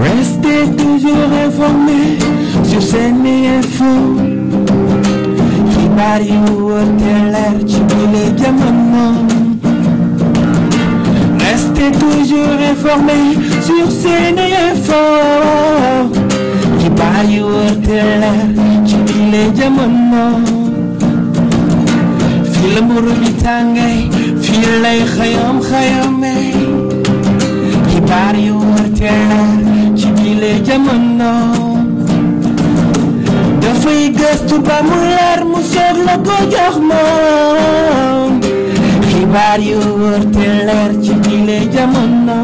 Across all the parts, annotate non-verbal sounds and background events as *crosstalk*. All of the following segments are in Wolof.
Restez toujours informés sur SeneInfo. xibaar yi wóote leer ci bile jamono. toujours informés sur SeneInfo. xibaar yi ci bile jamono. fii la mburu bi tàngee fii lay xayam yile jamono dafay gëstu ba mu leer mu soog la ko jox moom xibaar yu wër leer ci yile jamono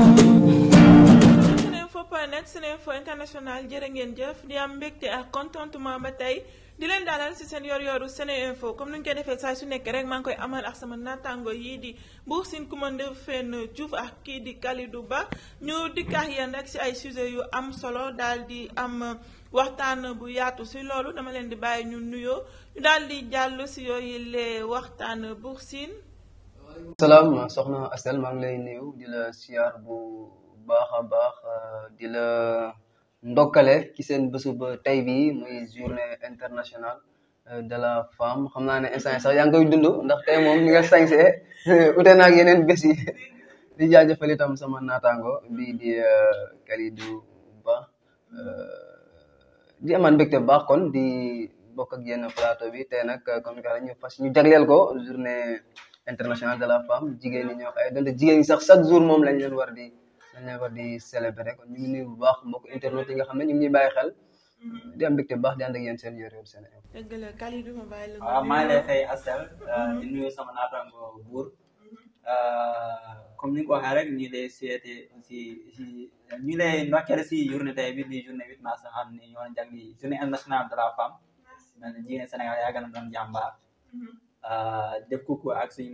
Seneinfo International jërë ngeen jëf di am mbégte ak contentement ba tey di leen dalal ci seen yor-yoru Seneinfo comme ni ñu koy defee saa su nekk rek maa ngi koy amal ak sama naataango yii di Buur Sine Coumba Ndeffène Diouf ak kii di Kalidou Ba ñu dikkaax yéen rek ci ay sujet yu am solo daal di am waxtaan bu yaatu ci loolu dama leen di bàyyi ñu nuyoo ñu daal di jàll ci yooyu lee waxtaan Buur siin salaam soxna Asel maa ngi lay nuyu di la siyaar bu baax a baax di la. ndokkale ci seen bésu tey bii muy journée internationale euh, de la femme xam naa ne instant yaa ngi koy dund ndax tey moom ni nga sañsee euh, ute naag yeneen bés yi di jaajëfal itam sama naataango bii di euh, Kalidou Ba di amaan mbégte baax kon di bokk ak yenn plateau bi te nag comme ni ñu fas ñu jagleel ko journée internationale de la femme jigéen ñi ñoo ay donte jigéen ñi sax chaque jour moom lañ leen war di. ne ko di célébrer kon ñu bu baax mbokk internet yi nga xam ne ñu ngi ñuy bàyyi xel. Mhm. di am mbégte baax di ànd ak yéen seen yor yor seen i. dëgg a Kalidou mhm. euh, buur. Mhm. Euh, comme ni nga ko waxee rek ñu lay seete si si ñu lay ndokkeel si journée tey bi di journée huit mars xam ni ñoo jagli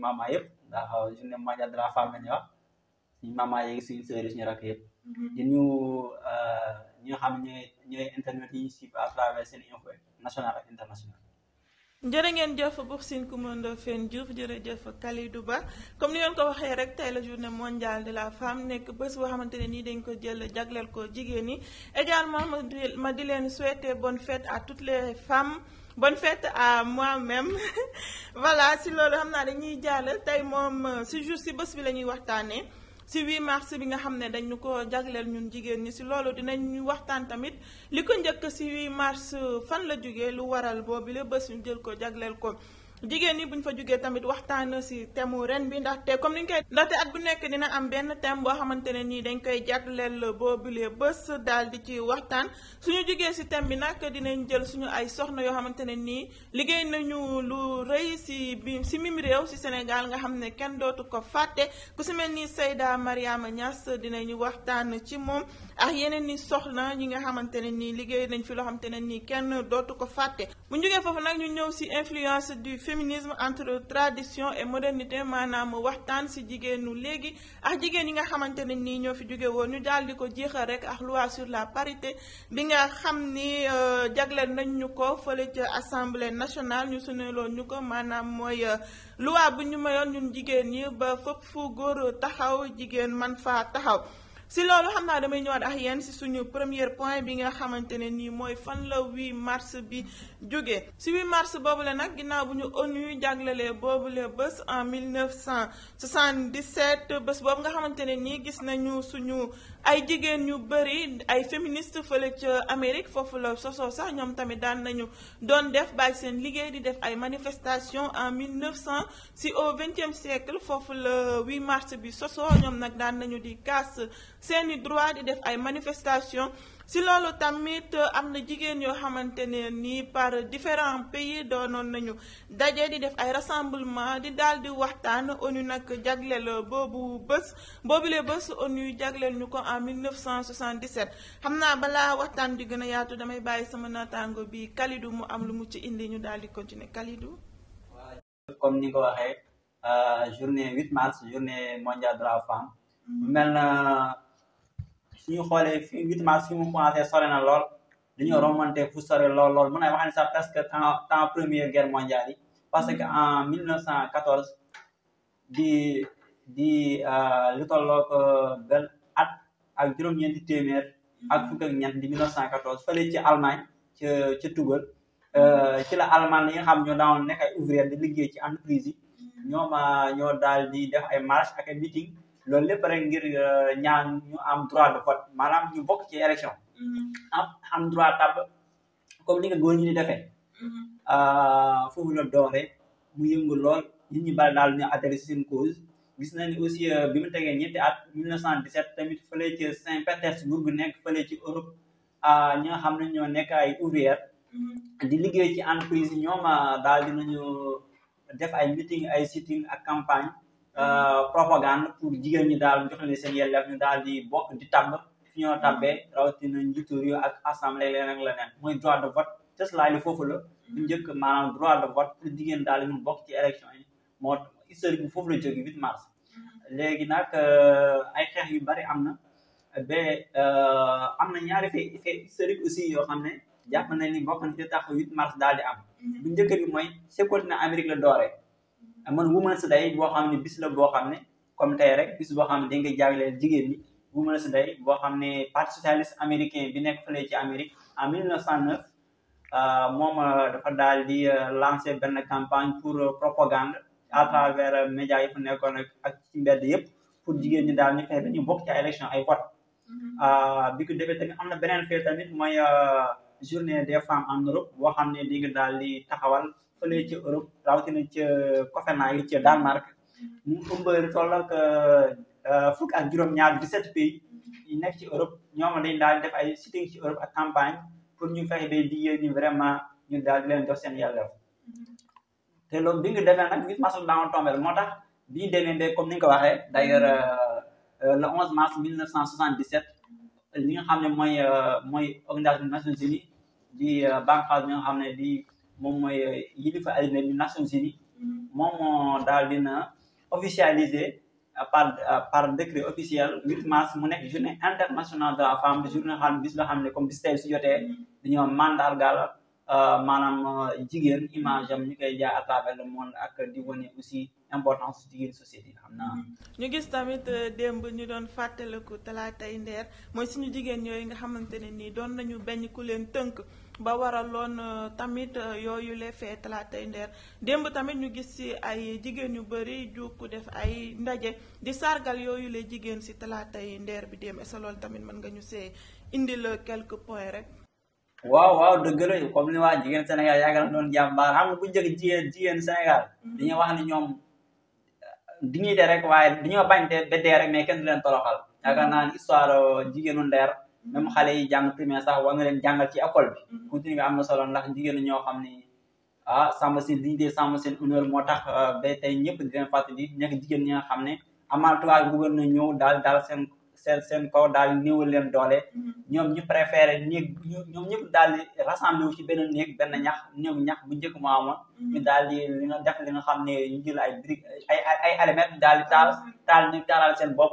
maama yëpp ndax journée mondiale de la femme la suñu maman yeeg suñu sœur suñu rakk yëpp. Mm-hmm. di ñu euh, ñi xam ne ñooy internet yi ñu suivre à travers seen info national ak international. jërë ngeen jëf Bour Sine Coumba Ndoffène Diouf jërëjëf Kalidou Ba comme ni ngeen ko waxee rek tey la journée mondiale de la femme nekk bés boo xamante ne nii dañ ko jël jagleel ko jigéen ñi également ma di leen souhaiter bon fet à tout les femmes bonne fête à mois même *laughs* voilà si loolu xam naa dañuy jàll tey moom si jour si bés bi la ñuy waxtaanee. si 8 mars bi nga xam ne dañu ko jagleel ñun jigéen ñi si loolu dinañu waxtaan tamit li ko njëkk si 8 mars fan la jógee lu waral boobu la bés ñu jël ko jagleel ko. jigéen ñi bu ñu fa jógee tamit waxtaan si thème ren bi te comme ni ñu koy ndaxte at bu nekk dina am benn thème boo xamante ne nii dañ koy jagleel boobule bés daal di ci waxtaan suñu jógee si thème bi nag dinañ jël suñu ay soxna yoo xamante ne nii liggéey nañu lu rëy si bi si mim réew Sénégal nga xam ne kenn dootu ko fàtte ku si mel ni Seyda Mariama Niass dinañu waxtaan ci moom ak yeneen ni soxna ñi nga xamante ne nii liggéey nañ fi loo xamante ne nii kenn dootu ko fàtte bu ñu jógee foofu nag ñu ñëw si influence du féminisme entre tradition et modernité maanaam waxtaan si jigéenu léegi ak jigéen yi nga xamante ne nii ñoo fi jóge woon ñu daal di ko jeexal rek ak loi sur la parité bi nga xam ni euh, jagleel nañ ñu ko fële ca assemblée nationale ñu suneeloon ñu ko maanaam mooy euh, loi bu ñu mayoon ñun jigéen ñi ba fépp fu góor taxaw jigéen man faa taxaw si loolu xam naa damay ñëwaat ak yéen si suñu première point bi nga xamante ne nii mooy fan la 8 mars bi jógee si 8 boobu boobule nag ginnaaw bu ñu ONU jaglelee boobule bés en 1977 bés boobu nga xamante ne nii gis nañu suñu ay jigéen ñu bëri ay féministes fële ca Amérique foofu la sosoo sax ñoom tamit daan nañu doon def bàyyi seen liggéey di def ay manifestations en 1900 si au 20e siècle foofu la 8 mars bi sosoo ñoom nag daan nañu di kaas seeni droit di def ay manifestations. si loolu tamit uh, am na jigéen yoo xamante ne nii par différents pays doonoon nañu daje di def ay rassemblement di daal di waxtaan ONU nag jagleel boobu bés boobule bés ONU jagleel ñu ko en 1977 xam naa balaa waxtaan di gën a yaatu damay bàyyi sama naataango bi Kalidou mu am lu mu ci indi ñu daal di continuer Kalidou. waaw comme ni ko waxee uh, journée 8 mars journée mondiale de la femme. Mm-hmm. mel na. suñu xoolee fi huit mars fi mu commencé sore na lool dañoo remonté fu sore lool lool mën naa wax ne sax presque temps temps première guerre mondiale parce que mm-hmm. en 1914 di di euh, lu tolloog euh, benn at ak juróom-ñeenti téeméer mm-hmm. ak fukk ak ñeent di 1914 fële ci Allemagne ca ca Tugal mm-hmm. euh, ci la Allemagne yi nga xam ñoo daawoon nekk ay ouvrier di liggéey ci entreprise yi ñoom ñoo daal di def ay marche ak ay meeting loolu lépp rek ngir euh, ñaan ñu am droit de vote ñu bokk ci élection mm-hmm. am am droit tàbb comme ni nga góor ñi di defee mm-hmm. euh, foofu la doore mu yëngu lool nit ñi bari daal ñu adressé seen cause gis nañ aussi euh, bi mu tegee ñetti at 1917 tamit fële ci Saint-Pétersbourg nekk fële ci Europe ñi nga xam ne ñoo nekk ay ouvrier mm-hmm. di liggéey ci entreprise yi ñoom daal dinañu def ay meeting ay sitting ak campagne Euh, propagande pour jigéen ñi daal jox leen seen yelleef ñu daal di bokk di tàbb fi ñoo tàbbee rawatina njiitu réew ak assemblée leneen ak leneen mooy droit de vote cëslaay li foofu la njëkk maanaam droit de vote pour jigéen daal ñu bokk ci élection yi moo historique bi foofu la jóge 8 mars léegi nag euh, ay xeex yu bari am na ba euh, am na ñaari fait fait historique aussi yoo xam ne jàpp nañ ni bokk na ci tax 8 mars daal di am mm-hmm. bu njëkk bi mooy ce continent Amérique la dooree man Women's Day boo xam ne bis la boo xam ne comme tey rek bis boo xam ne dañ koy jagleel jigéen ñi si Day boo xam ne parti socialiste américain bi nekk fële ci Amérique en 1909 euh, moom euh, dafa daal di euh, lancer benn campagne pour propagande à travers médias yi fu nekkoon ak ci mbedd yëpp pour jigéen ñi daal ñu fexe dañu ay élection ay vote mm-hmm. bi am na beneen fee tamit mooy journée des femmes en boo xam ne di nga daal di taxawal fële ca Europe rawatina ca Copenhague ca Danemark mu ëmb lu toll ak euh, ak juróom-ñaar 17 pays yi nekk ci Europe ñoom dañ daal def ay sitting ci Europe ak campagne pour ñu fexe ba jigéen ñi vraiment ñu daal di leen jox seen te loolu bi nga defee nag 8 mars la daawoon tombé moo tax bi ñu demee ba comme ni nga ko waxee d'ailleurs euh, le 11 mars 1977 li nga xam ne mooy euh, mooy organisation des Nations Unies di bànqaas bi nga xam ne di moom mooy euh, yilifa àddina bi Nations Unies mm-hmm. moom moo daal dina officialiser par par décret officiel mu nekk journée internationale de la femme journée xam ne comme bis tey si jotee mm-hmm. dañoo mandargal euh, maanaam euh, jigéen image am ñu koy jaay à travers le monde ak di wane aussi importance jigéen société yi xam naa. Mm-hmm. ñu gis tamit démb ñu doon fàttaliku talaatay ndeer mooy suñu jigéen yooyu nga xamante ne nii doon nañu bañ ku leen tënk. ba waraloon euh, tamit euh, yooyu le feet la tey ndeer démb tamit ñu gis ci ay jigéen yu bëri jukku def ay ndaje di sargal yooyu le jigéen ci talaatay ndeer bi démb est-ce tamit mën nga ñu see indi la quelques points rek waaw waaw dëgg la comme ni waa jigéen Sénégal yaaga na doon jàmbaar xam nga bu njëkk jigéen jigéen Sénégal mm-hmm. dañuy wax ne ñoom di euh, dignité rek waaye dañoo bañte beddee rek mais kenn du leen toroxal mm-hmm. yaakaar naa ne histoire jigéenu ndeer même xale yi jàng primaire sax war nga leen jàngal ci école bi mm-hmm. continue nga am na solo ndax jigéen ñoo xam ni ah sàmm seen dignité sàmm seen honneur moo tax euh, ba tey ñëpp di fàttali nekk jigéen ñi nga xam ne amaltuwaay gouverneur ñëw daal daal seen seen seen kaw daal néewal leen doole mm-hmm. ñoom ñu préféré néeg ñoom ñëpp daal di wu ci benn néeg benn ñax néeg ñax bu njëkk moo amoon mm-hmm. ñu daal di li nga li nga xam ne ñu jël ay briques ay ay allumettes daal di taal taal ni taalal seen bopp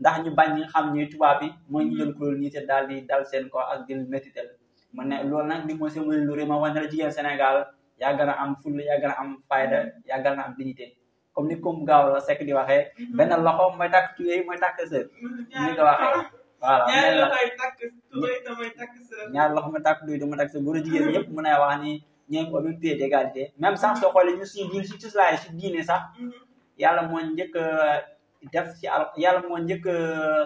ndax ñu bañ ñi xam ni tubaab bi mooy ñu mhm. daal di dal seen ko ak di métitel mu ne loolu nag li mooy seen lu rëy ma wax ne la jigéen Sénégal yaa gën a am fulla yaa gën am fayda mhm. yaa gën am dignité comme ni comme gaaw la sekk di waxee mhm. benn loxo mooy takk tuyee mooy takk sër ni ko waxee voilà ñaari loxo yi takk tuyee damay takk sër ñaari loxo mooy takk tuyee damay takk sër góor jigéen ñëpp mën a wax ni ñoom au même pied d'égalité même sax soo ñu suñu diine si ci laay si diine sax yàlla moo njëkk def ci al yàlla moo njëkk euh,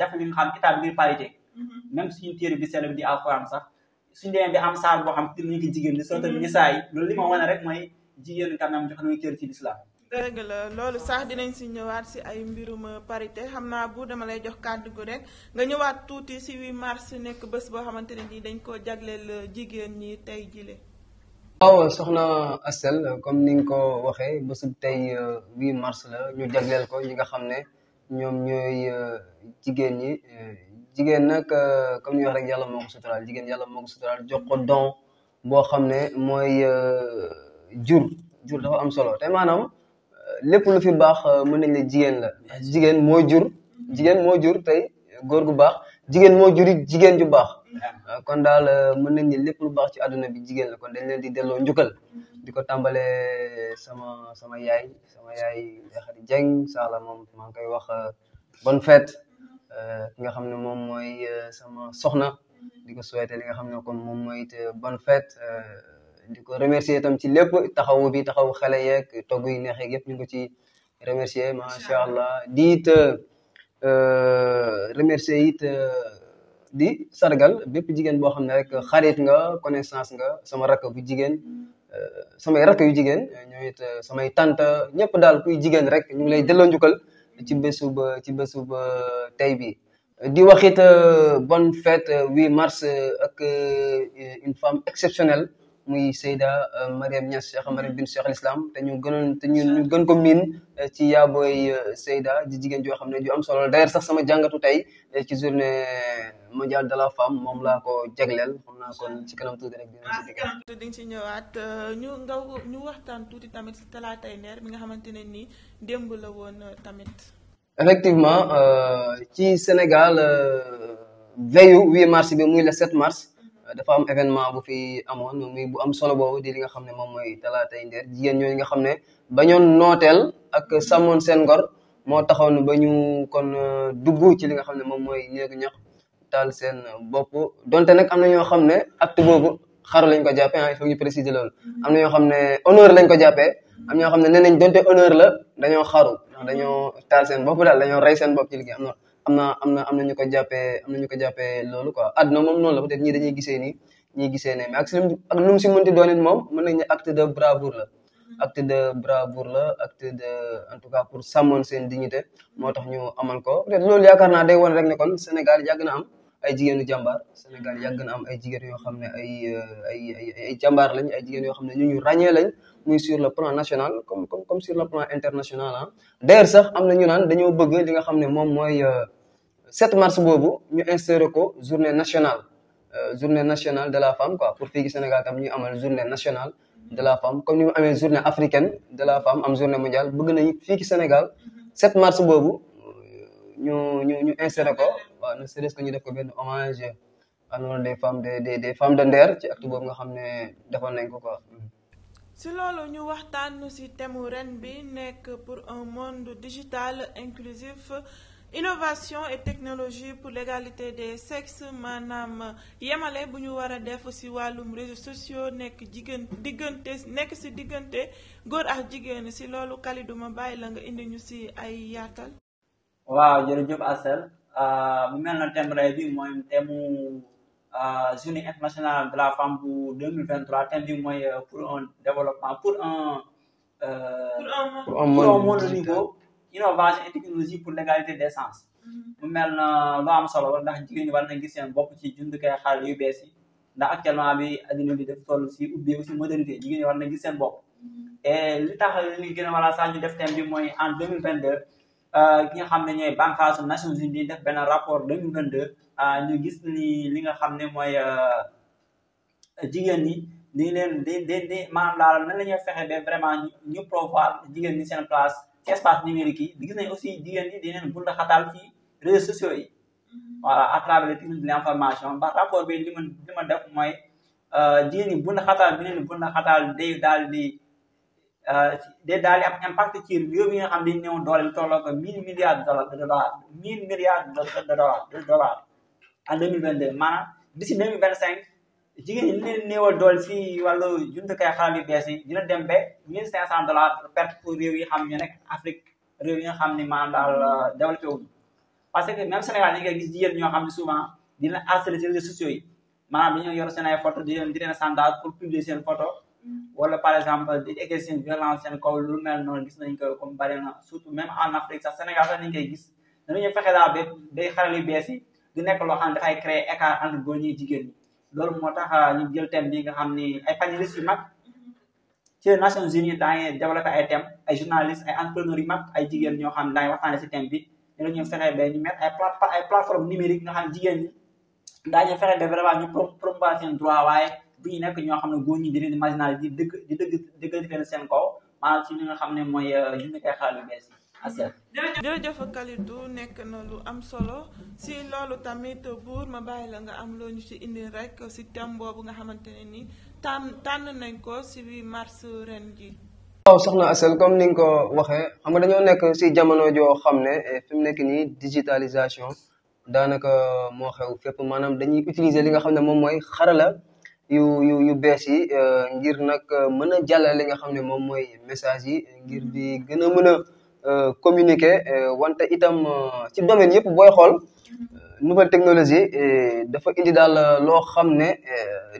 def li nga xam kitaab ngir parité mm-hmm. même suñu téere bi sell bi di alxuraan sax suñu demee bi am saar boo xam pour jigéen ñi soo tamit nisaa yi loolu li ma wane rek mooy jigéen quand même jox nañu cër ci l'islam dëgg la loolu sax dinañ si ñëwaat si ay mbirum parité xam naa bu dama lay jox kàddu gu rek nga ñëwaat tuuti si 8 mars nekk bës boo xamante ne nii dañ koo jagleel jigéen ñi tey jile waaw soxna Astel comme ni nga ko waxee bésub tey 8 euh, mars la ñu jagleel ko ñi nga xam ne ñoom ñooy euh, jigéen ñi euh, jigéen nag comme ni wax rek yàlla moo ko suturaal jigéen yàlla moo ko suturaal jox ko don boo xam ne mooy jur jur dafa am solo te maanaam lépp lu fi baax mën nañ ne jigéen la jigéen moo jur jigéen moo jur tey góor gu baax jigéen moo juri jigéen ju baax kon daal euh, mën nañ ne lépp lu baax ci àdduna bi jigéen la kon dañ leen di delloo njukkal di ko tàmbale sama sama yaay sama yaay Khady Dieng saala moom maa ngi koy wax euh, bonne fête euh, nga xam ne moom mooy sama soxna di ko souhaiter li nga xam ne kon moom mooy it bonne fête di ko remercier tam ci lépp taxaw bi taxaw xale yeeg to yu neexe yeeg yëpp ñu ngi ko ci remercier macha allah diit remercier it di sargal bépp jigéen boo xam ne rek xarit nga connaissance nga sama rakk bu jigéen euh, samay rakk yu jigéen ñoo it euh, samay tante ñëpp daal kuy jigéen rek ñu ngi lay delloo njukkal ci bésu ci bésu ba tey bi di waxit euh, bonne fête 8 marche ak une femme exceptionnelle muy Seyda euh, Mariam Niass Cheikh mm-hmm. Mariam bin Cheikh Islam te ñu gënoon te ñu gën ko miin euh, ci yaabooy euh, Seyda di jigéen joo xam ne ju am solo d'ailleurs sax sama jàngatu tey ci journée mondiale de la femme moom laa ko jegleel xam naa ci kanam tuuti rek dinañ ci dikkaat di nga ci ñu nga tuuti tamit si talaatay neer bi nga xamante ne nii démb la woon tamit. effectivement ci Sénégal veillu 8 mars muy le 7 mars. dafa am événement bu fi amoon muy bu am solo boobu di li nga xam ne moom mooy talaatay ndeer jigéen ñooñu nga xam ne ba bañoon nooteel ak sàmmoon seen ngor moo taxoon ba ñu kon euh, dugg ci li nga xam ne moom mooy néegu ñax taal seen bopp donte nag am na ñoo xam ne acte boobu xaru lañ ko jàppee ah il faut am na ñoo xam ne honneur lañ ko jàppee am ñoo xam ne nee nañ donte honneur la dañoo xaru ndax dañoo taal seen bopp daal dañoo rey seen bopp ci liggéey am na am na am na am na ñu ko jàppee am na ñu ko jàppee loolu quoi àdduna moom noonu la peut-être ñii dañuy gisee nii ñii gisee ne mais si ak lu mu si mënti doonit moom mën nañ acte de bravoure la mm-hmm. acte de bravoure la acte de en tout cas pour sàmmoon seen dignité moo tax ñu amal ko loolu yaakaar naa day wane rek ne kon Sénégal yàgg na am ay jigéenu jàmbaar Sénégal yàgg na am ay jigéen yoo xam ne ay ay ay jàmbaar lañ ay jigéen yoo xam ne ñu ñu ràññee lañ muy sur le plan national ah. na ñu naan dañoo bëgg li nga xam ne moom euh, 7 mars boobu ñu instauré ko journée nationale euh, journée nationale de la femme quoi pour fii ci Sénégal tam ñu amal journée nationale de la femme comme ni mu amee journée africaine de la femme am journée mondiale bëgg nañu fii ci Sénégal 7 mars boobu euh, ñu ñu ñu instauré ko waaw na serait-ce ñu def ko benn hommage à l'honneur des femmes de des des femmes de Nder ci acte boobu nga xam ne defoon nañ ko quoi. Mm. si loolu ñu waxtaan si thème ren bi nekk pour un monde digital inclusif. innovation et technologie pour l'égalité des sexes maanaam yemale bu ñu war a def ci wàllum réseaux sociaux nekk jigéen diggante nekk ci diggante góor ak jigéen ci loolu Kalidou ma bàyyi la nga indi ñu ci ay yaatal. waaw jërëjëf Asel bu ah, mel na thème ray bi mooy ah, internationale de la femme bu 2023 thème bi euh, pour un développement pour un. Euh, pour un monde pour innovation et technologie pour l'égalité des chances mm-hmm. mu mel na lu am solo ndax jigéen ñi war na gis seen bopp ci jumtukaay xarala yu bees yi ndax actuellement bi adduna bi def toll si ubbeeku si modernité jigéen ñi war na gis seen bopp mm-hmm. et li tax li gën a wala sax ñu def thème bi mooy en deux mille vingt euh, ki nga xam ne ñooy bànqaasu Nations Unies def benn rapport deux mille vingt deux euh, ñu gis ni li nga xam ne mooy euh, jigéen ñi ni leen di di di maanaam daal nan fexe ba vraiment ñu promouvoir jigéen ñi seen place ci espace numérique yi gis nañ aussi jigéen ñi di leen bunda xataal ci réseaux sociaux yi mm-hmm. voilà à travers les techniques de l' information ba rapport bi li ma li ma def mooy euh, jigéen ñi xataal bi leen bunda xataal day daal di euh, day daal di am impact ci réew yi nga xam ne néew doole lu tolloo ko mille milliards de dollars mille milliards de dollars de dollars en deux mille vingt deux maanaam d'ici deux mille vingt cinq jigéen ñi leen néewal dool si wàllu jumtukaay xaral yu bees dina dem ba mille cinq cent dollars perte réew yi xam ne nekk Afrique réew yi nga xam ne maanaam daal euh, développé wuñu parce que même Sénégal dañu koy gis jigéen ñoo xam ne souvent dina harcelé si réseaux sociaux yi maanaam dañoo yor seen ay photo di leen di leen sandal pour publier seen photo mm. wala par exemple di egg seen violence seen kaw lu mel noonu gis nañ ko comme bari na surtout même en Afrique sax Sénégal sax koy gis dañu fexe bees yi du nekk loo xam ne dafay créer écart entre jigéen ñi loolu moo tax ah, ñu jël thème bi nga xam ni ay panélistes yu mag ci Nations Unies daañu développé ay thèmes ay journalistes ay entrepreneurs yu mag ay jigéen ñoo xam daañu waxtaane si thème bi ñu la ñuy fexe ba ñu mettre ay plate numérique nga xam jigéen ñi daañu fexe ba vraiment ñu promouvoir seen droit waaye bu ñu nekk ñoo xam ne góor ñi di leen marginaliser di dëkk di dëgg dëgg seen kaw maanaam ci li nga xam ne mooy ñu ngi koy xelal lu bees yi jërëjëf Kalidou nekk na lu am solo si loolu tamit buur ma bàyyi la nga am loo ñu si indi rek si thème boobu nga xamante ne ni tànn tànn nañ ko si 8 mars ren ji waaw soxna Asel comme ni nga ko waxee xam nga dañoo nekk si jamono joo xam ne eh, fi mu nekk nii digitalisation daanaka moo xew fépp maanaam dañuy utiliser li nga xam ne moom mooy xarala yu yu yu bees yi eh, ngir nag mën a jàllale li nga xam ne moom mooy message yi ngir di gën a mën a Euh, communiquer euh, wante itam euh, ci domaine yëpp booy xool nouvelle technologie dafa indi daal loo xam ne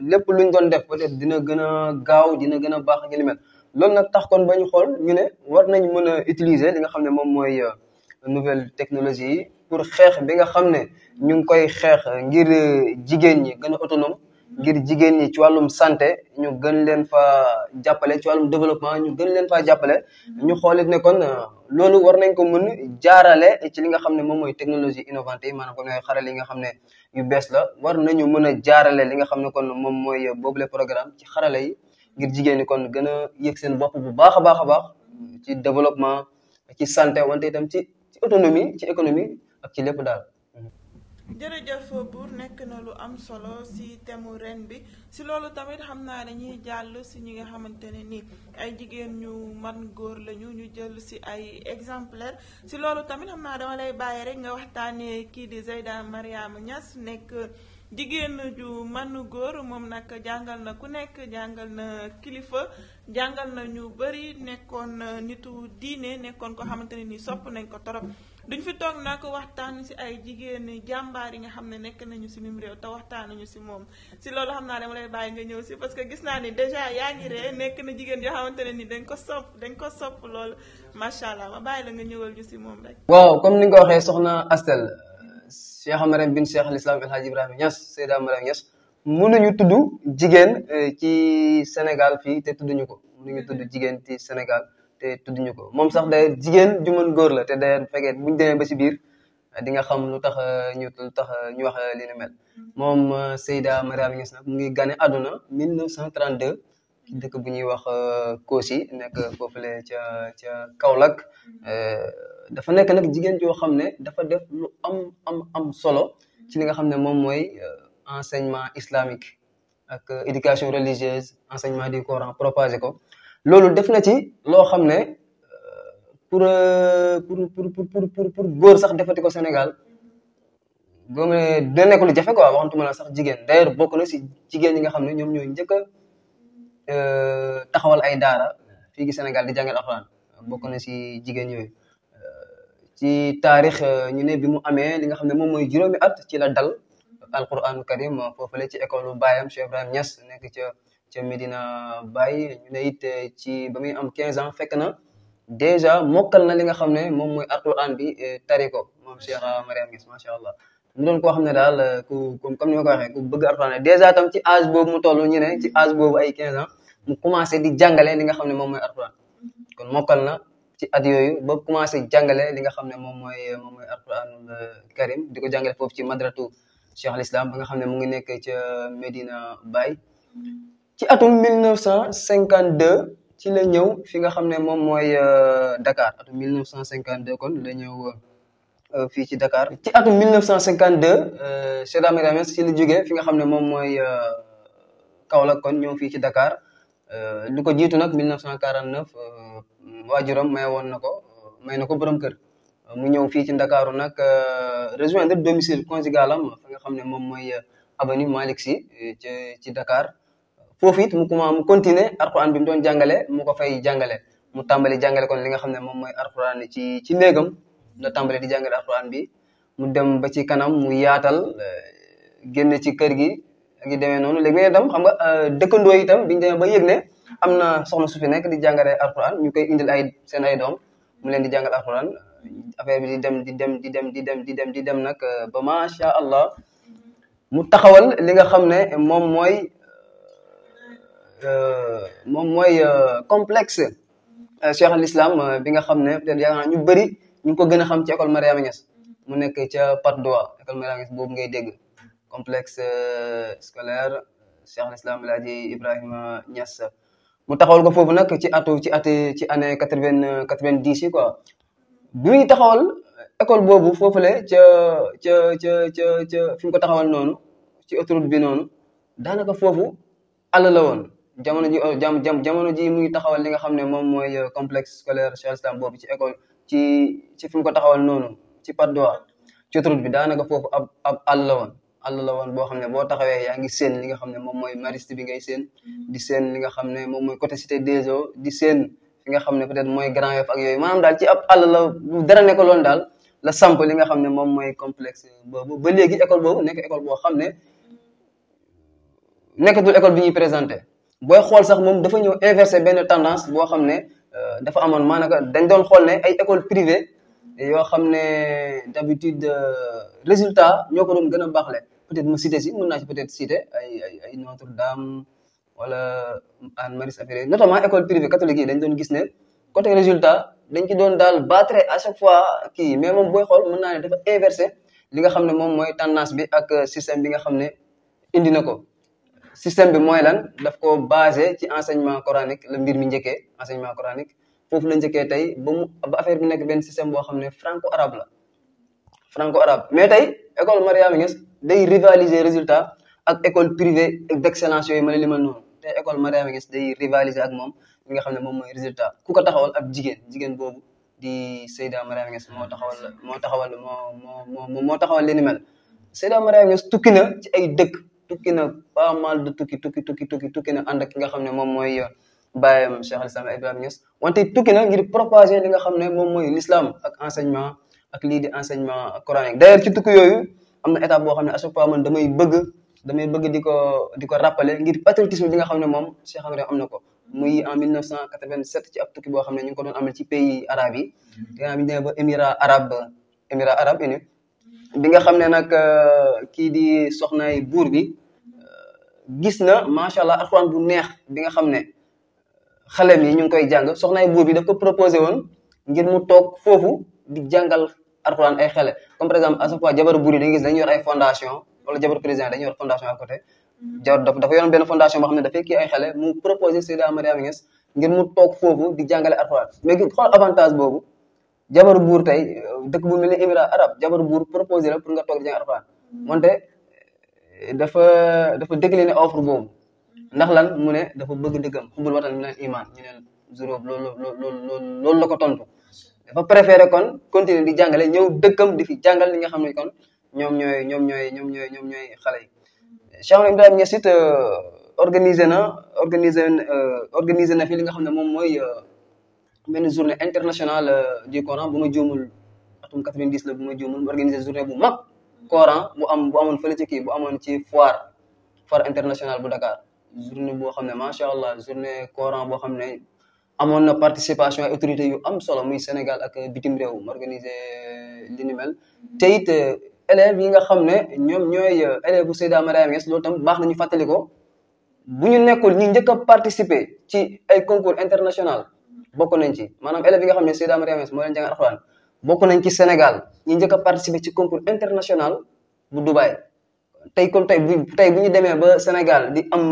lépp luñ doon def peut-être dina gën a gaaw dina gën a baax ak li mel loolu nag tax kon ba ñu xool ñu ne war nañ mën a utiliser li nga xam ne moom mooy nouvelle technologie yi pour xeex bi nga xam ne ñu ngi koy xeex ngir jigéen ñi gën a autonome ngir jigéen ñi ci wàllum santé ñu gën leen fa jàppale ci wàllum développement ñu gën leen faa jàppale mm-hmm. ñu xoolit ne kon euh, loolu war nañ ko mën jaarale ci li nga xam ne moom mooy technologie innovante yi maanaam kon ay xarale yi nga xam ne yu bees la war nañu mën a jaarale li nga xam ne kon moom mooy boobule programme ci xarale yi ngir jigéen ñi kon gën a yëg seen bopp bu baax a baax a baax ci développement ci santé wante itam ci ci autonomie ci économie ak ci lépp daal jërëjëf buur nekk na lu am solo si temu ren bi si loolu tamit xam naa dañuy jàll si ñi nga xamante ne nii ay jigéen ñu man góor lañu ñu jël si ay exemplaire si loolu tamit xam naa dama lay bàyyi rek nga waxtaanee kii di Zeyda Mariama Niass nekk jigéen ju man góor moom nag jàngal na ku nekk jàngal na kilifa jàngal na ñu bëri nekkoon na nitu diine nekkoon ko xamante ne nii sopp nañ ko torop duñ fi toog naa ko waxtaan si ay jigéen jàmbaar yi nga xam ne nekk nañu si mim réew te waxtaanuñu si moom si loolu xam naa dama lay bàyyi nga ñëw si parce que gis naa ni dèjà nekk na jigéen yoo xamante ne ni dañ ko sopp dañ ko sopp loolu macha allah ma bàyyi nga ñëwal ñu moom rek. waaw comme ni nga ko waxee soxna Astel Cheikh Mariam bin Cheikh al Islam El Hadj Ibrahima Niass Seyda Mariam Niass mënuñu tudd jigéen eh, ci Sénégal fii te tudduñu ko mënuñu tudd jigéen ci Sénégal. te tudduñu ko moom sax day jigéen ju moon góor la te day fekkee buñu demee ba si biir di nga xam lu tax ñu tax ñu wax li ni mel moom Seyda Mariama Niass nag mu ngi gane àdduna 1932 dëkk bu ñuy wax Kossy nekk foofule ca ca Kaolack euh, dafa nekk nag jigéen joo xam ne dafa def lu am am am solo ci li nga xam ne moom mooy euh, enseignement islamique ak euh, éducation religieuse enseignement du Coran propagé ko loolu def na ci loo xam ne euh, pour euh, pour pour pour pour pour góor sax defati ko Sénégal boo nee nekk lu jafe quoi waxantuma la sax jigéen d'ailleurs bokk na si jigéen ñi nga xam ne ñoom ñooy njëkk a euh, taxawal ay daara fii gi Sénégal di jàngal alxuraan bokk na si jigéen yooyu. ci taarix ñu ne bi mu amee li nga xam ne moom mooy juróomi at ci la dal alquranu karim foofale ci école baayam Cheikh Ibrahim Niass nekk ca. ca Medina Baye ñu ne eh, ci ba muy am quinze ans fekk na dèjà mokkal na li nga xam ne moom mooy alquran bi eh, tari ko moom Cheikh Mariam Niass macha allah mu doon koo xam ne daal eh, ku comme ni ma ko waxee ku bëgg alquran dèjà tam ci âge boobu mu ñu ne ci âge boobu ay 15 ans commencé di jàngale li nga xam ne moom mooy alquran kon mokkal na. ci at yooyu ba commencé jàngale li nga xam ne moom mooy moom karim di ko jàngale foofu ci madratu cheikh al islam ba nga xam ne mu ngi nekk ca Medina bay ci atum deux ci la ñëw fi nga xam ne moom mooy euh, Dakar atum 1952 kon la ñëw euh, euh, fii ci Dakar ci atum 1952 Cheikh Ahmed Ames ci la jógee fi nga xam ne moom mooy Kaolack kon ñëw fii ci Dakar lu ko jiitu nag 1949 waajuram may woon na ko may na ko borom kër mu ñëw fii ci Ndakaaru nag rejoindre domicile conjugal am fi nga xam ne moom mooy avenue Malick Sy ci ci Dakar foofu it mu commencé mu continuer bi mu doon jàngale mu ko fay jàngale mu tàmbali jàngale kon li nga xam ne moom mooy alxuraan ci ci néegam la tàmbali di jàngale alxuraan bi mu dem ba ci kanam mu yaatal euh, génn ci kër gi ak demee noonu léegi itam xam nga euh, dëkkandoo itam biñ demee ba yëg am na soxna su fi nekk di jàngale alxuraan ñu koy indil ay seen ay doom mu leen di jàngal alxuraan affaire bi di dem di dem di dem di dem di dem di dem nag euh, ba macha allah mu taxawal li nga xam ne moom mooy. Euh, moom mooy euh, complexe euh, Cheikh al Islam bi nga xam ne peut-être yaa ñu bëri ñu ko gën a xam ci école Mariama Niass mu nekk ca Patte d'Oie école Mariama Niass boobu ngay dégg complexe scolaire Cheikh al Islam El Hadj Ibrahima Niass mu taxawal ko foofu nag ci atu ci at ci année quatre vingt quatre vingt dix yi quoi bi muy taxawal école boobu foofu ca ca ca ca ca fi ko taxawal noonu ci autoroute bi noonu daanaka foofu àll la woon. jamono ji euh, jam jamono ji mu ngi taxawal li nga xam ne moom mooy euh, complexe scolaire Cheikh Al boobu ci école ci ci fi mu ko taxawal noonu ci Patte d'Oie ci autoroute bi daanaka foofu ab ab àll la woon àll la woon boo xam ne boo taxawee yaa ngi seen li nga xam ne moom mooy mariste bi ngay seen mm-hmm. di seen li nga xam ne moom mooy côté cité des eaux di seen fi nga xam ne peut-être mooy Grand Yoff ak yooyu maam daal ci ab àll la dara ne daal la sample li nga xam ne moom mooy complexe boobu ba léegi école boobu nekk école boo xam ne nekkatul école bi ñuy présenté booy xool sax moom dafa ñëw inversé benn tendance boo xam ne euh, dafa amoon maanaka dañ doon xool ne ay école privée yoo xam ne d'habitude euh, résultat ñoo ko doon gën a le peut-être ma cité si mën naa si peut-être cité ay ay wala Notre-Dame wala Anne Marie Safiré notamment école privée catholique yi dañ doon gis ne côté résultat dañ ci doon daal battre à chaque fois kii mais moom booy xool mën naa ne dafa inversé li nga xam ne moom mooy tendance bi ak euh, système bi nga xam ne indi na ko système bi mooy lan daf ko basé ci enseignement coranique la mbir mi njëkkee enseignement coranique foofu la njëkkee tey ba affaire bi nekk benn système boo xam ne franco arabe la franco arabe mais tey école Mariama Niass day rivaliser résultat ak école privée d'excellence yooyu ma la limal noonu tey école Mariama Niass day rivaliser ak moom li nga xam ne moom mooy résultat ku ko taxawal ak jigéen jigéen boobu di Seyda Mariama Niass moo taxawal moo taxawal moo moo moo moo taxawal li ni na ci ay dëkk tukki na pas mal de tukki tukki tukki tukki tukki na ànd ak ki nga xam ne moom mooy euh, bàyyam Cheikh al-Islam Ibrahima Niass wante tukki na ngir propager li nga xam ne moom mooy l'islam ak enseignement ak lii di enseignement coranique d'ailleurs ci tukki yooyu am na étape boo xam ne damay bëgg damay bëgg di ko di ko rappeler ngir patriotisme bi nga xam ne moom Cheikh Ibrahima am na ko muy en 1987 ci ab tukki boo xam ne ñu ngi ko doon amal ci pays arabes yi dinaa bi demee ba émirat arabe émirat arabe uni bi nga xam ne nag euh, kii di soxnaay buur bi gis na macha allah alxuraan bu neex bi nga xam ne xalem yi ñu ngi koy jàng soxnaay buur bi daf ko proposé woon ngir mu toog foofu di jàngal alxuraan ay xale comme par exemple à chaque fois jabar buur yi ay fondation wala jabar président dañuy yor fondation à côté mm-hmm. jabar dafa dafa yoroon xam ne dafay kii ay xale mu proposé Seyda ma nges ngir mu toog foofu di jàngale alxuraan mais xool avantage boobu jabar buur tey dëkk bu mel ni émirat arab jabar buur proposé la pour nga toog di jàng alxuraan moonte mm-hmm. dafa dafa décliné offre boobu ndax lan mu ne dafa bëgg dëggam xubbul watan minal iman ñu ne Zuroob loolu loolu loolu la ko tontu dafa préféré kon continuer di jàngale ñëw dëkkam di fi jàngal li nga xam ne kon ñoom ñooy ñoom ñooy ñoom ñooy ñoom ñooy xale yi. Cheikh Ibrahim Niass it euh, organisé na organisé euh, organisé na fi li nga xam ne moom mooy euh, benn journée internationale du Coran bu ma juumul atum 90 la bu ma juumul organisé journée bu mag. Coran bu am bu amoon fële ci kii bu amoon ci foire foire internationale bu Dakar journée boo xam ne macha allah journée Coran boo xam ne amoon na participation ay autorités yu am solo muy Sénégal ak bitim réew mu organisé euh, li ni mel te it euh, élèves yi nga xam ne ñoom ñooy euh, élèves bu Seyda Mariama Niass loolu tam baax nañu fàttali ko bu ñu nekkul ñi njëkk participer ci ay concours international bokk nañ ci maanaam élèves yi nga xam ne Seyda Mariama Niass moo leen bokk nañ ci Sénégal ñu njëkk a participer ci concours international bu Dubaï tey kon tey bu tey bu ñu demee ba Sénégal di am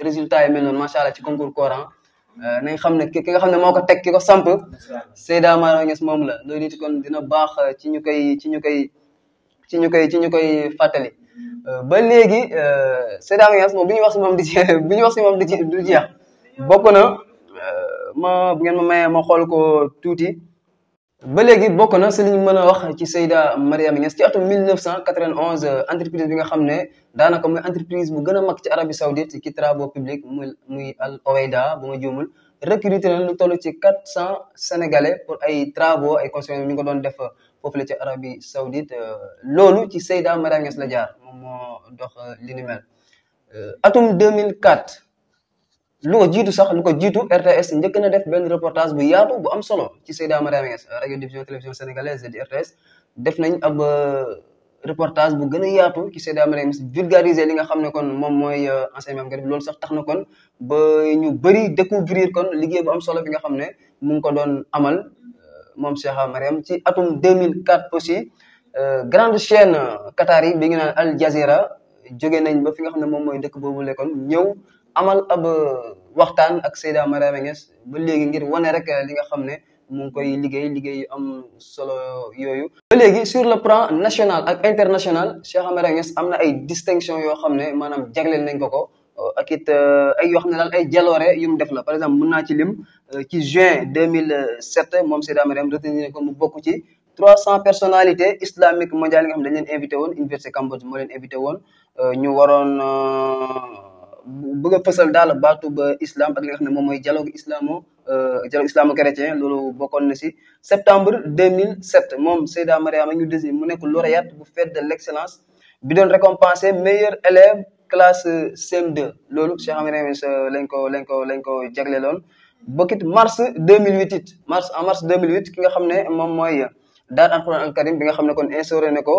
résultat yi mel noonu macha allah ci concours Coran euh, nañ xam ne ki nga xam ne moo ko teg ki ko samp Seyda Mara Niass moom la loolu it kon dina baax ci ñu koy ci ñu koy ci ñu koy ci ñu koy fàttali euh, ba léegi euh, Seyda Mara Niass moom bu ñu wax si moom di ci *laughs* bu wax si moom di ci du jeex bokk na ma bu ngeen ma mayee ma xool ko tuuti ba léegi bokk na si li a wax ci Seyda Mariama Niass ci atum 1991 euh, entreprise bi nga xam ne daanaka muy entreprise bu gën a mag ci Arabie Saoudite ci travaux publics muy muy Al Oweida bu ma juumul recruté na lu toll ci 400 sénégalais pour ay travaux ay constructions ñu ngi ko doon def foofu la ci Arabie Saoudite euh, loolu ci Seyda Mariama nges la jaar moom moo dox euh, li ni mel atum 2004. lu ko jiitu sax lu ko jiitu RTS njëkk na def benn reportage bu yaatu bu am solo ci Seyda Mariama Niass radio division télévision sénégalaise di RTS def nañ ab euh, reportage bu gën a yaatu ci Seyda Mariama Niass vulgariser li nga xam ne kon moom mooy enseignement nga def loolu sax tax na kon ba ñu bëri découvrir kon liggéey bu am solo bi nga xam ne mu ngi ko doon amal euh, moom Cheikha Mariam ci atum 2004 aussi euh, grande chaîne Qatar yi bi ngi naan Al Jazeera jóge nañ ba fi nga xam ne moom mooy dëkk boobu lekkoon ñëw amal ab euh, waxtaan ak Seyda Mariama Niass ba léegi ngir wane rek euh, li nga xam ne mu ngi koy liggéey liggéey am solo yooyu. ba léegi sur le plan national ak international Cheikh Mariama Niass am na ay distinction yoo xam ne maanaam jagleel nañ ko ko. Euh, ak it ay yoo xam ne daal ay jaloore yu mu def la par exemple mën naa ci lim ci juin 2007 moom Seyda Mariama retenir ne ko mu bokk ci 300 personnalités islamiques mondiales yi nga xam ne dañ leen invité woon université Cambodge moo leen invité woon ñu waroon. bëgg a fësal daal baatu ba islam ak li nga xam ne moom mooy dialogue islamo euh, dialogue islamo-chrétien loolu bokkoon na si septembre 2007 moom Seyda Mariama ñu désigné mu nekk lauréate bu fête de l'excellence bi doon récompensé meilleur élève classe CM2 loolu Cheikh Amir Ames euh, lañ ko lañ ko lañ ko jagleeloon bokkit mars 2008 it mars en mars 2008 ki nga xam ne moom mooy daal alquran al karim bi nga xam ne kon instauré ne ko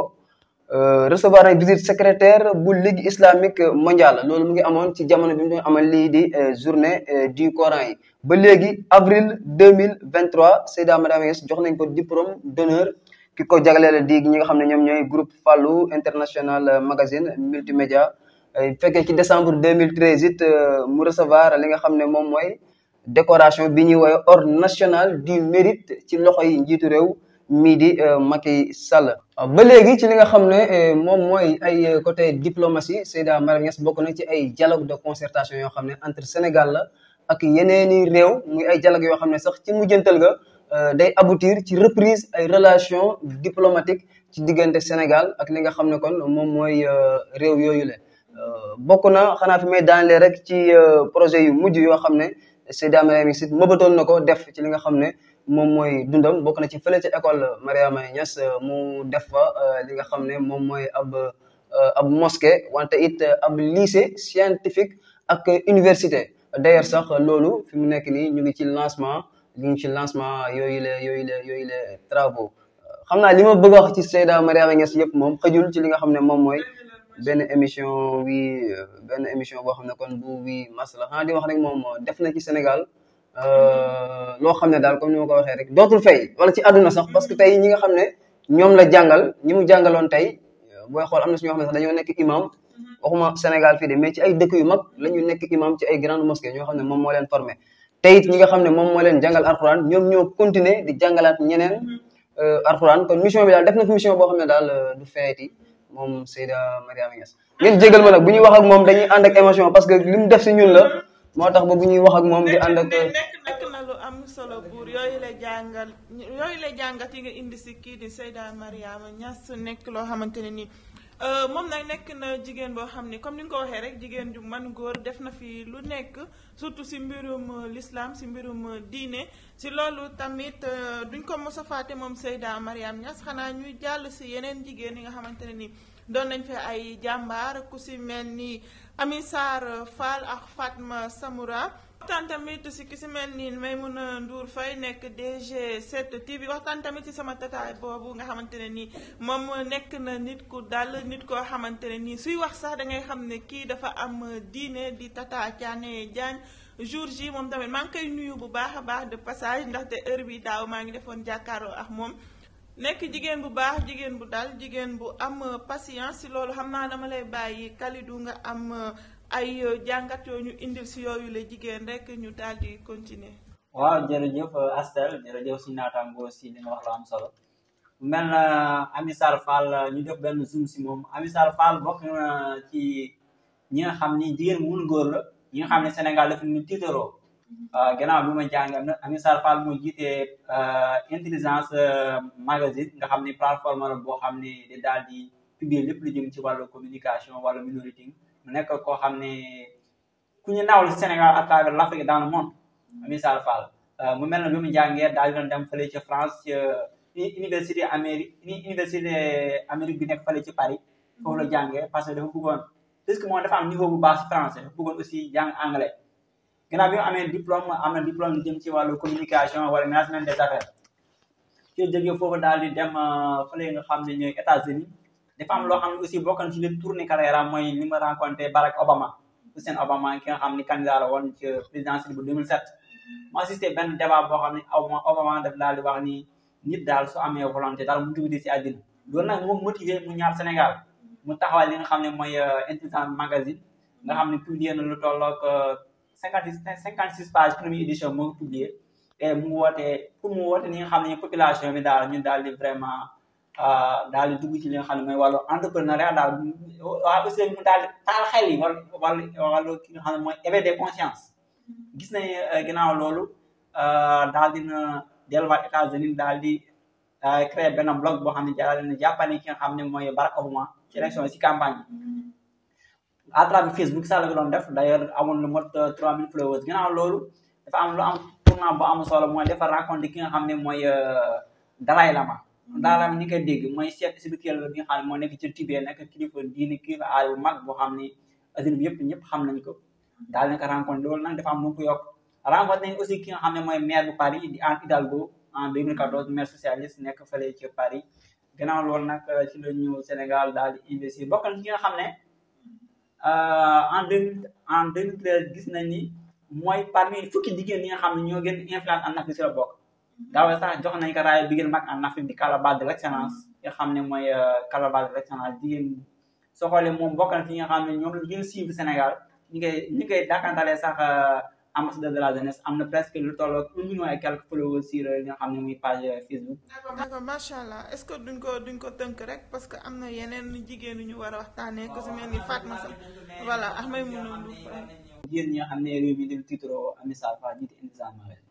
Euh, recevoir ay visite secrétaire bu ligue islamique mondiale loolu mu ngi amoon ci jamono bi mu doon amal lii di euh, journée euh, du Coran yi ba léegi avril deux mille vingt trois Seyda Mariama Niass jox nañ ko diplôme d'honneur ki ko jagleel di ñi nga xam ne ñoom ñooy groupe Fallou international magazine multimédia média fekkee ci décembre deux mille treize it mu recevoir li nga xam ne moom mooy décoration bi ñuy woowee ordre national du mérite ci loxo yi njiitu réew. mii di euh, Macky Sall. ba léegi ci li nga xam ne euh, moom mooy ay euh, côté diplomatie Seyda Mariam Niass bokk na ci ay dialogue de concertation yoo xam ne entre Sénégal la ak yeneeni réew muy ay dialogue yoo xam ne sax ci mujjantal ga day aboutir ci reprise ay relations diplomatiques ci diggante Sénégal ak li nga xam ne kon moom mooy réew yooyu la bokk na xanaa fi may daanle rek ci projet yu muj yoo xam ne Seyda Mariam Niass mëbatoon na ko def ci li nga xam ne moom mooy dundam bokk na ci fële ci école Mariama Niass euh, mu def fa euh, li nga xam ne moom mooy ab euh, ab mosquée wante it ab lycée scientifique ak université d'ailleurs sax loolu fi mu nekk nii ñu ngi ci lancement ñu ngi ci lancement yooyu la yooyu la yooyu la travaux xam naa li ma bëgg wax ci Seyda Mariama Niass yëpp moom xajul ci li nga xam ne moom mooy benn émission wi benn émission boo xam ne kon bu wi maslaha di wax rek moom def na ci Sénégal Euh, loo xam ne daal dootul fay wala ci àdduna sax parce que tey ñi nga xam ne ñoom la jàngal ñi mu jàngaloon tey euh, booy xool am na si ñoo xam ne sax dañoo nekk imam mm-hmm. waxuma Sénégal fii de mais ci ay dëkk yu mag la ñu nekk imam ci ay grande mosquée ñoo xam ne moom moo leen formé te ñi nga xam ne moom moo leen jàngal alxuraan ñoom ñoo continuer di jàngalaat ñeneen mm-hmm. euh, alxuraan kon mission bi daal def na fi mission boo xam ne daal du feeti moom ma moom dañuy ànd ak émotion moo tax ba bu ñuy wax ak moom di ànd ak. nekk na lu am solo buur yooyu la jàngal yooyu lay jàngat yi nga indi si kii di Seyda Mariama Niass nekk loo xamante ne nii. Euh, moom nag nekk na jigéen boo xam ni comme li nga ko waxee rek jigéen ju man góor def na fi lu nekk surtout si mbirum euh, lislaam si mbirum euh, diine si loolu tamit duñ ko mos moom seydaa Mariama ñas xanaa ñuy jàll si yeneen jigéen yi nga xamante ne nii. doon nañ fi ay jàmbaar ku si mel ni Ami Sarr Fall ak Fatma Samoura waxtaan tamit si ki si mel ni a Ndour Faye nekk DG 7 TV waxtaan tamit si sama tataay boobu nga xamante ne nii moom nekk na nit ku dal nit koo xamante ne nii suy wax sax da xam ne kii dafa am diine di Tata Thiané Diagne jour ji moom tamit maa ngi koy nuyu bu baax a baax de passage ndaxte heure bi daaw maa ngi defoon jàkkaaroo ak moom nekk jigéen bu baax jigéen bu dal jigéen bu am euh, patience si loolu xam naa dama lay bàyyi Kalidou nga am euh, ay euh, jàngat yoo ñu indil si yooyu la jigéen rek ñu daal di continuer. waaw jërëjëf Astel jërëjëf suñu naataango si li nga wax la am solo. mel na Amy Sarr ñu def benn zoom si moom amisal Sarr Fall bokk na ci ñi nga xam ni jigéen mu mun góor la ñi nga xam ne Sénégal dafa ñu tiitaroo Euh, gannaaw bi ma jàngal nag Ami Sarr Fall moo jiitee euh, intelligence euh, magazine nga xam ni plateforme la boo xam ne de daal di publier lépp lu jëm ci wàllu communication wala minorité mu nekk koo xam ni ku ñu naawal Sénégal à travers l' Afrique dans le monde Ami Sarr mu mel na bi mu jàngee daal di doon dem fële ca France université Amérique université Amérique bi nekk fële ci Paris foofu la jàngee parce que dafa bëggoon puisque moom dafa am niveau bu baax si français dafa bëggoon aussi jàng anglais ginnaaw bi nga amee diplôme am na diplôme jëm ci wàllu communication wala management des affaires soo jógee foofu daal di dem euh, fële nga xam ne ñooy États-Unis dafa loo xam ne aussi bokkoon ci li tourné carrière mooy ni ma rencontré Barack Obama Hussein Obama ki xam ne candidat la ci présidentielle bu 2007 ma assisté benn débat boo xam ne Obama daf daal di wax ni nit daal su amee volonté daal mu dugg di si àddina loolu nag moom motivé mu ñaar Sénégal mu cinquante cinquante six page première édition moo ko publié te mu wootee pour mu woote ni nga xam ne population bi daal ñun daal di vraiment euh, daal di dugg ci li nga xam ne mooy wàllu entrepreneuriat daal waaw aussi mu daal di taal xel yi wala wàllu ki nga xam ne mooy éveil des gis nañ euh, ginnaaw loolu euh, daal dina delluwaat États-Unis daal di créer benn blog boo xam ne daal dina jàppale ki nga xam ne mooy Barack Obama ci élection ci campagne à travers Facebook sax la ko doon def d' ailleurs amoon lu mot 3000 euh, followers ginnaaw loolu dafa am lu am solo mooy dafa raconté ki nga xam ne mooy euh, Dalai Lama mm-hmm. Dalai Lama ni koy dégg mooy chef spirituel bi nga moo nekk ci Tibet nekk kilifa diini kilifa aar bu mag boo xam ni adduna bi yëpp ñëpp xam nañ ko daal na ko rencontré loolu nag dafa am lu ko yokk rencontré nañ aussi ki nga xam ne mooy maire bu Paris di Anne Hidalgo en 2014 maire socialiste nekk fële ci Paris gannaaw loolu nag euh, ci la ñu Sénégal daal di investir nga xam ne en deux en deux mille gis nañ ni mooy parmi fukki jigéen ñi nga xam ne ñoo gën influence en Afrique si la bokk. Mhm. daaw sax jox nañ ko raaya bi gën mag en Afrique di calebasse de l'excellence nga xam ne mooy calebasse euh, de l'excellence jigéen soo xoolee moom bokk na fi nga xam ne ñoom la ñu gën a Sénégal ñu koy ñu koy sax. Euh, ambassadeur de la jeunesse am na presque lu toll ak un million et quelques followers ñoo xam ne muy page Facebook. d'accord macha allah est-ce que duñ ko duñ ko tënk rek parce que am na yeneen jigéen ñu war a waxtaanee ko si mel ni Fatma Sall voilà ak may mënoon. jigéen ñi nga xam ne réew mi di tiitaroo Amy Sarr Fall jiite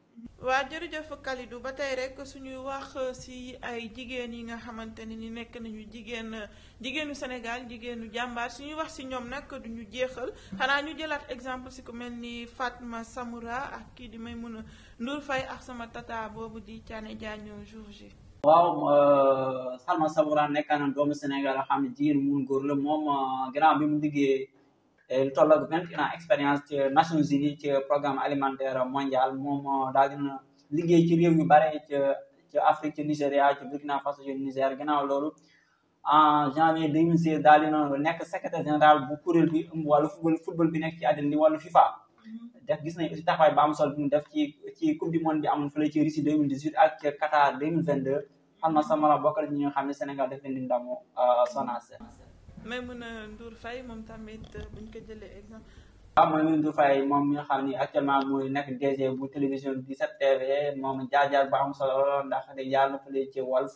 waa jërëjëf Kalidou ba tey rek suñuy wax ci euh, ay jigéen yi nga xamante ne ni nekk nañu jigéen euh, jigéenu Sénégal jigéenu jàmbaar suñuy wax ci ñoom nag duñu jeexal xanaa ñu jëlaat exemple ci ku mel ni Fatma samura ak kii di may a Ndour Faye ak sama tata boobu di Thiané Diagne jour J. waaw Salma euh, Samoura nekk na doomu Sénégal xam ne jigéen mu góor la moom gannaaw bi mu liggéey. Eh, lu tolloog vingt ans expérience ci Nations Unies ci programme alimentaire mondial moom euh, daal dina liggéey ci réew yu bare ci ci Afrique ci Nigéria ci Burkina Faso ci Niger ginnaaw loolu en janvier 2016 daal dina nekk secrétaire général bu kuréel bi ëmb wàllu football bi nekk ci àddina bi wàllu FIFA mm-hmm. def gis nañ aussi taxawaay ba am solo def ci ci coupe du monde bi amoon fële ci Russie 2018 ak ci Qatar 2022 xam na sama la bokk na ñi xam ne Sénégal def leen di ndamu euh, Sonatel Maimouna Ndour Faye moom tamit euh, buñ ko jëlee moom mi nga xam ni actuellement mooy nekk DG bu télévision 17 TV moom jaar-jaar bu am solo ndax jaar na fële ci Walf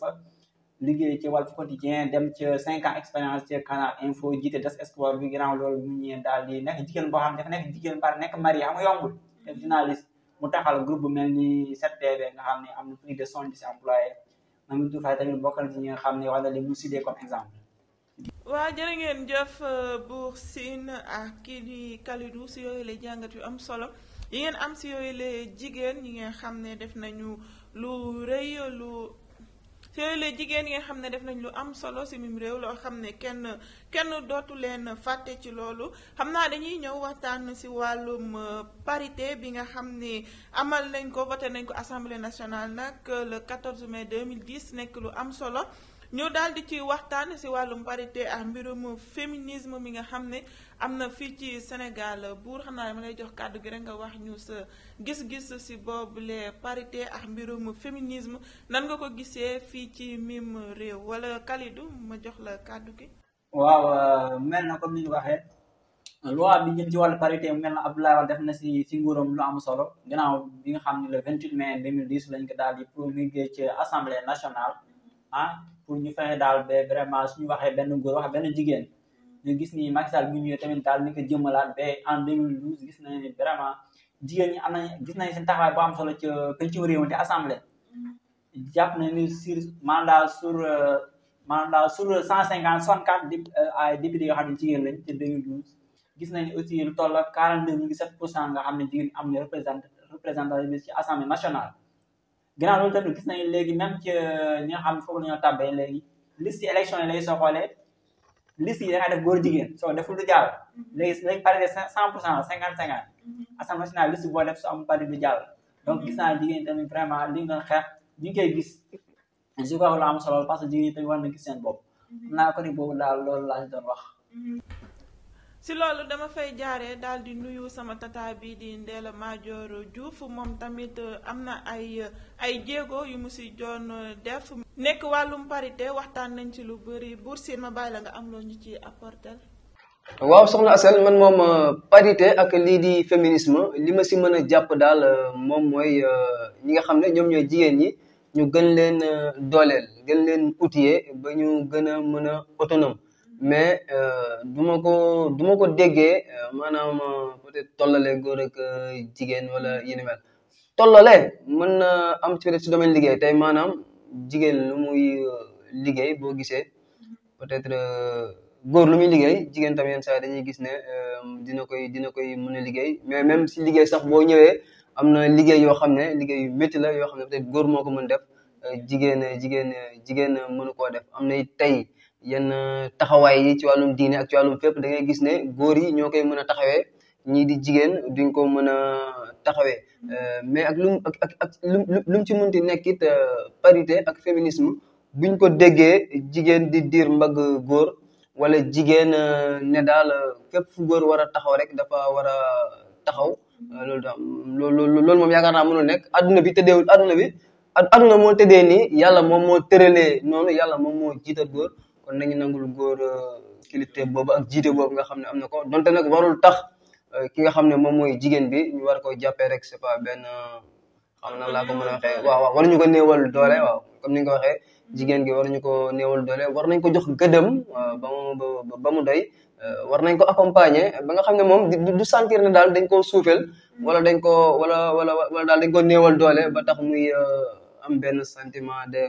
liggéey ci Walf Quotidien dem ci cinq ans expérience ci Canal Info jiite des espoir bi ginnaaw loolu mu ñëwee daal di nekk jigéen boo xam ne dafa nekk jigéen par nekk mari am yombul te journaliste mu taxal groupe bu mel ni 7TV nga xam ne am na plus de soixante-dix employés Maimouna Ndour Faye tamit bokkal ci ñi nga xam ne wala li mu cité comme waa jërë ngeen jëf euh, Buur Sine ak kii di Kalidou si yooyu lay jàngat yu am solo yi ngeen am si yooyu lay jigéen yi ngeen xam ne def nañu lu rëy lu si yooyu lay jigéen yi nga xam ne def nañ lu am solo si mim réew loo xam ne kenn kenn dootu leen fàtte ci loolu xam naa dañuy ñëw waxtaan si wàllum euh, parité bi nga xam ne amal nañ ko voté nañ ko assemblée nationale nag euh, le 14 mai 2010 nekk lu am solo. ñu daal di ci waxtaan si wàllum parité ak mbirum féminisme mi nga xam ne am na fii ci Sénégal buur xam naa ma lay jox kàddu gi rek nga wax ñu sa gis-gis si boobule parité ak mbirum féminisme nan nga ko gisee fii ci mim réew wala Kalidou ma jox la kàddu gi. waaw euh, mel na comme ni ñu waxee loi bi jëm ci wàllu parité mel na Abdoulaye Wade def na si si nguuram lu am solo ginnaaw bi nga xam ne le 28 mai 2010 lañ ko daal di promulgué ci assemblée nationale ah pour ñu fexe daal ba vraiment suñu waxee benn góor wax benn jigéen mm. ñu gis ni Macky Sall bu ñëwee daal ni ko jëmmalaat ba en 2012 gis nañu ni vraiment jigéen ñi am nañ gis nañ seen taxawaay bu am solo ca pencum réew mi te assemblée mm. jàpp nañu ni sur mandat sur euh, mandat sur 150 64 euh, ay députés yoo xam ne jigéen lañ te 2012 gis nañu aussi lu toll ak 42,7 pour cent nga xam ne jigéen am na représentant représentant ci assemblée nationale. ginnaaw loolu tamit gis nañu léegi même ci euh, ñi xam foofu la ñoo tàbbee léegi liste élection yi lay soo xoolee liste yi da ngaa def góor jigéen soo deful lu jàll mm-hmm. léegi léegi parité cent pour cent cinquante cinquante mm-hmm. assemblée nationale liste boo def su am parité du jàll donc gis naa jigéen tamit vraiment li nga doon xeex ñu gis je crois lu am solo parce que jigéen tamit war na gis seen bopp mm-hmm. naa ko ni boobu daal loolu laa si doon wax si loolu dama fay jaare daal di nuyu sama tata bii di Ndella Madior Diouf moom tamit eh, am na ay eh, ay jéego yu mu si joon eh, def nekk wàllum parité waxtaan nañ ci lu bëri Buur Sine ma bàyyi la nga am loo ñu ci apporter waaw soxna Asel man moom parité ak lii di féminisme li ma si mën a jàpp daal moom mooy ñi nga xam ne ñoom ñooy jigéen ñi ñu gën leen dooleel gën leen outillé ba ñu gën a mën a autonome mais euh, du ma ko du ma ko déggee euh, maanaam euh, peut-être tollale góor ak jigéen wala yu ni mel mën na am ci peut-être si domaine liggéey tey maanaam jigéen lu muy liggéey boo gisee peut-être góor lu muy liggéey jigéen tamit yenn saa dañuy gis ne dina koy dina koy mën a liggéey mais même si liggéey sax boo ñëwee am na liggéey yoo xam ne liggéey yu métti la yoo xam ne peut-être góor moo ko mën def jigéen jigéen jigéen mënu koo def am na tey yenn taxawaay yi ci wàllum diine ak ci wàllum fépp da ngay gis ne góor yi ñoo koy mën a taxawee ñii di jigéen duñ ko mën a taxawee euh, mais ak lum ak lu ci mënti nekk it euh, parité ak féminisme buñ ko déggee jigéen di diir mbag góor wala jigéen euh, ne daal fépp fu góor war a taxaw rek dafa war a taxaw loolu daal loolu loolu moom yaakaar naa nekk adduna bi tëddeewul adduna bi adduna moo tëddee nii yàlla moom moo tëralee noonu yàlla moom moo jiital góor kon nañu nangul góor kilifte euh, boobu ak jiite boobu nga xam ne am na ko donte nag warul tax euh, ki nga xam ne moom mooy jigéen bi ñu war ko jàppee rek c'est pas benn euh, xam na laa ko mën a waxee waaw waaw waruñu ko néewal doole waaw comme ni nga ko waxee jigéen gi waruñu ko néewal doole war nañ ko jox gëdëm ba mu ba mu doy war nañ ko accompagner ba nga xam ne moom du sentir ne daal dañ koo suufeel wala dañ koo wala wala wala daal dañ ko néewal doole ba tax muy am benn sentiment de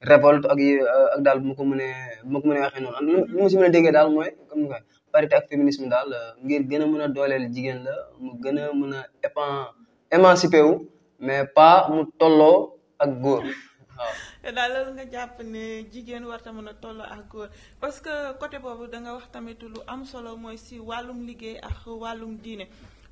révolte ak yi euh, ak daal bu ma ko mënee bu ma ko mënee waxee noonu lu si mën a déggee daal mooy comme ak féminisme daal euh, ngir gën a mën a dooleel jigéen la mu gën a mën a épan émancipé wu mais pas mu tolloo ak góor waaw. daal loolu nga jàpp ne jigéen war ta mën a tolloo ak parce que côté boobu da nga wax tamit lu am solo mooy si wàllum liggéey ak wàllum diine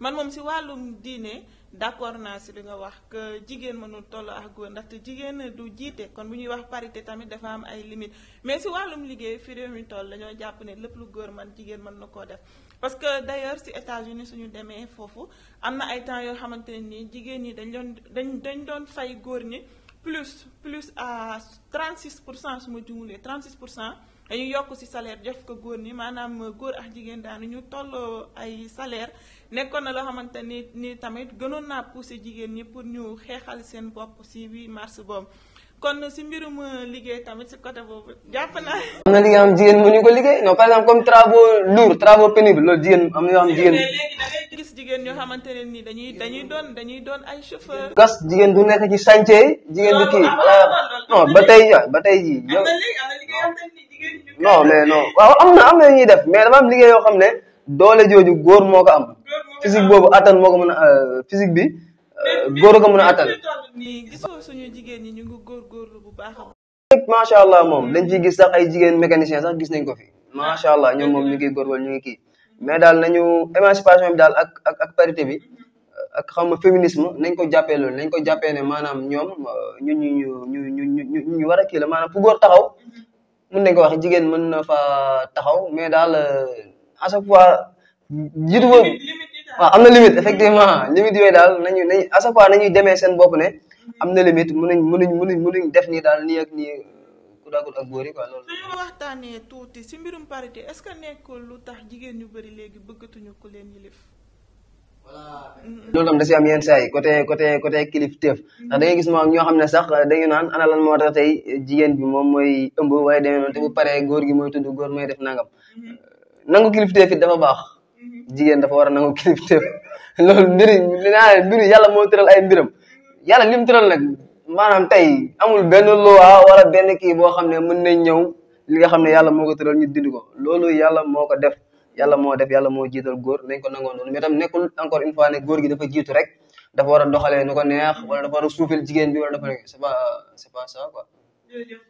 man moom si wàllum diine. d'accord naa si li nga wax que jigéen mënul toll ak góor ndaxte jigéen du jiite kon bu ñuy wax parité tamit dafa am ay limites mais si wàllum liggéey fi réew mi toll dañoo jàpp ne lépp lu góor man jigéen mën na koo def. parce que d'ailleurs si États-Unis suñu demee foofu am na ay temps yoo xamante ne nii jigéen ñi dañ doon dañ dañ doon fay góor ñi plus plus à 36 pour cent suma ma juulee 36 pour cent. dañu yokk si salaire def ko góor ni maanaam góor ak jigéen daanu ñu tolloo ay salaire nekkoon na loo xamante ni ni tamit gënoon naa pousser jigéen ñi pour ñu xeexal seen bopp si 8 mars boobu kon si mbirum liggéey tamit si côté boobu jàpp naa. am na li nga xam jigéen mu ñu ko liggéey non par exemple comme travaux lourds travaux pénibles loolu jigéen am na yoo xam jigéen. gis jigéen ñoo xamante ne ni dañuy dañuy doon dañuy doon ay chauffeur. gas jigéen du nekk ci chantier jigéen du kii. non ba tey ba tey jii. non mais no waaw am na am na ñuy def mais dafa am liggéey yoo xam ne doole jooju góor moo ko am physique boobu attan moo ko mën a euh, physique bi euh, góor a ko mën a attan. gisoo suñu jigéen ñi ñu ngi góorgóorlu bu baax macha allah moom dañ ciy gis sax ay jigéen mécanicien sax gis nañ ko fi macha allah ñoom moom ñu ngi góorgóorlu ñu ngi kii mais daal nañu émancipation bi daal ak ak ak parité bi euh, ak xam nga féminisme nañ ko jàppee loolu nañ ko jàppee ne maanaam ñoom ñu ñu ñu ñu ñu ñu war a kii la maanaam fu góor taxaw mun nañ ko wax jigéen mën na fa taxaw mais daal à chaque fois jiitu fa waaw am na limite effectivement limite yooyu daal nañu nañ à chaque fois nañuy demee seen bopp ne am na limite mënuñ mënuñ mënuñ mënuñ def nii daal nii ak nii ku daagul ak góor yi quoi loolu dañu waxtaanee tuuti si mbirum parité est-ce que nekkul lu tax jigéen ñu bëri léegi bëggatuñu ko leen yilif loolu tam da si am yenn saa yi côté côté côté kilifteef ndax da gis moom ñoo xam ne sax dañu naan ana lan moo tax tey jigéen bi moom mooy ëmb waaye demee noonu te paree góor gi mooy tudd góor mooy def nangam mm-hmm. nangu kilifteef it dafa baax mm-hmm. jigéen dafa war a nangu kilifteef *laughs* loolu mbiri yàlla moo tëral ay mbiram yàlla lim tëral nag maanaam tey amul benn loi benn kii boo xam ne mën nañ ñëw li nga xam ne yàlla moo ko tëral ñu dindi ko loolu yàlla moo ko def yàlla moo def yàlla moo jiital góor nañ ko nangoo noonu mais tam nekkul encore une fois ne góor gi dafa jiitu rek dafa war a doxalee nu ko neex wala dafa war a suufil jigéen bi wala dafa c'est pas c'est pas ça quoi.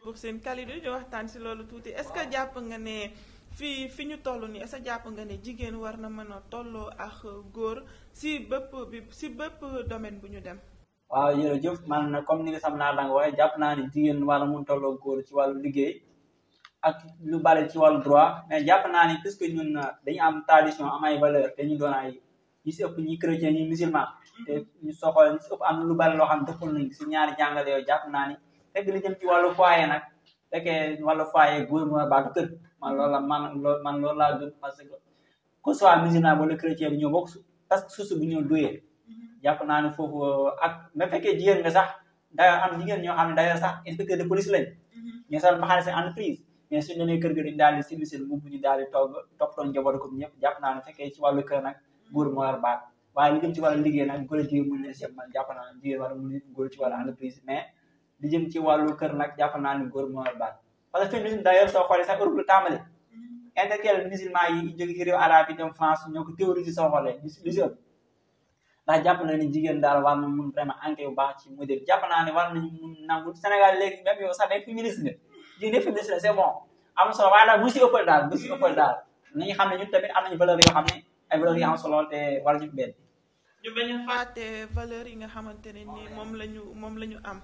pour seen Kalidou di waxtaan si loolu tuuti est-ce que jàpp nga ne fii fi ñu toll nii est jàpp nga ne jigéen war na mën a tolloo ak góor si bépp bi si bëpp domaine bu ñu dem. waaw jërëjëf man comme ni nga sam naa la waaye jàpp naa ne jigéen war a mun tolloo góor ci wàllu liggéey. ak lu bari ci wàllu droit mais jàpp naa ne puisque ñun dañu am tradition am ay valeur te ñu doon ay ñu si ñi chrétien ñi musulman te ñu soxal am lu bari loo xam dëppal nañ si ñaari jàngale yooyu jàpp naa ni fekk li jëm ci wàllu foyer nag fekkee wàllu foyer góor mu baak kër man loolu la man lool man loolu laa gën parce que que soit musulman wala chrétien bi ñoo bokk parce que suusu bu ñoo doyee jàpp naa ne foofu ak même fekkee jigéen nga sax d'ailleurs am jigéen ñoo xam ne d'ailleurs sax inspecteur de mais suñ la nee kër ga dañ daal di silbi ko ñëpp jàpp naa ne fekkee ci wàllu kër nag góor moo war baat góor a jigéen a mën góor ci li jëm wàllu kër nag jàpp naa ne góor moo war baat parce que féminisme d'ailleurs soo xoolee sax Europe lu tàmbali intellectuel musulman yi dem France ñoo ko théorisé soo xoolee lu si ëpp na ni jigéen daal war na mun vraiment enquête bu baax ci modèle jàpp naa ne war nañu mun nangu Sénégal léegi même yow sax day féministe di définir la c'est bon am solo waaye daal eh, bu si ëppal daal bu si ëppal daal nañu xam ne ñu tamit am nañu valeur xam ne yi am solo te war ñu benn ñu yi nga xamante ne ni moom la ñu moom la ñu am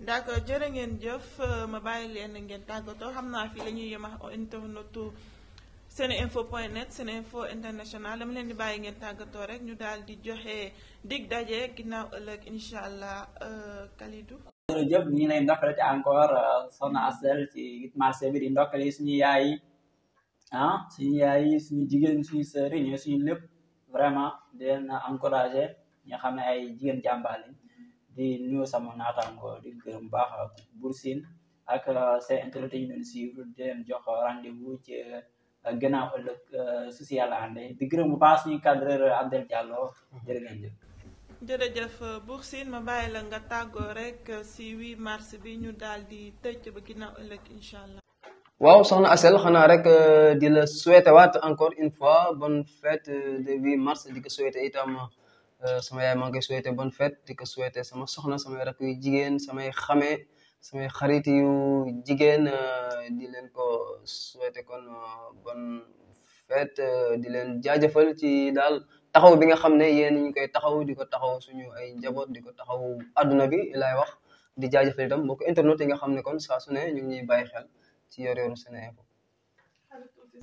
d'accord jërë ngeen jëf ma bàyyi leen ngeen tàggatoo xam naa fii la oh, ñuy yem ak internetu seneinfo point net seneinfo international dama leen di bàyyi ngeen tàggatoo rek ñu daal di joxe dig daje ginnaaw ëllëg incha allah eh, Kalidou jërëjëf ñu ngi lay ndokkale ci encore euh, soxna Asel ci marché bi di ndokkale suñu yaay yi ah suñu yaay yi suñu jigéen suñu sœur yi ñooy lépp vraiment di leen encouragé ñu xam ne ay jigéen jàmbaar lañ di nuyu sama naataango di gërëm baax Bour Sine ak euh, seen internet yi ñu doon suivre di leen jox rendez-vous ci euh, gannaaw ëllëg su si di gërëm bu baax suñu cadreur Abdel Diallo jërë ngeen jëf jërëjëf euh, Buur Sine ma bàyyi la nga tàggoo rek euh, si 8 mars bi ñu daal di tëj ba ginnaaw ëllëg incha allah. waaw soxna Asel xanaa rek euh, di la souhaité waat encore une fois bonne fête de 8 di ko souhaité itam sama yaay maa ngi koy souhaité bonne di ko souhaité sama soxna samay rakk yu jigéen samay xame samay xarit yu jigéen di leen ko souhaité kon bonne fête di leen jaajëfal ci daal. taxaw bi nga xam ne yéen ñu koy taxaw di ko taxaw suñu ay njaboot di ko taxaw adduna bi lay wax di jaajëfal itam mbokk internet yi nga xam ne kon saa su ne ñu ngi ñuy bàyyi xel ci Yoor Yooru Sene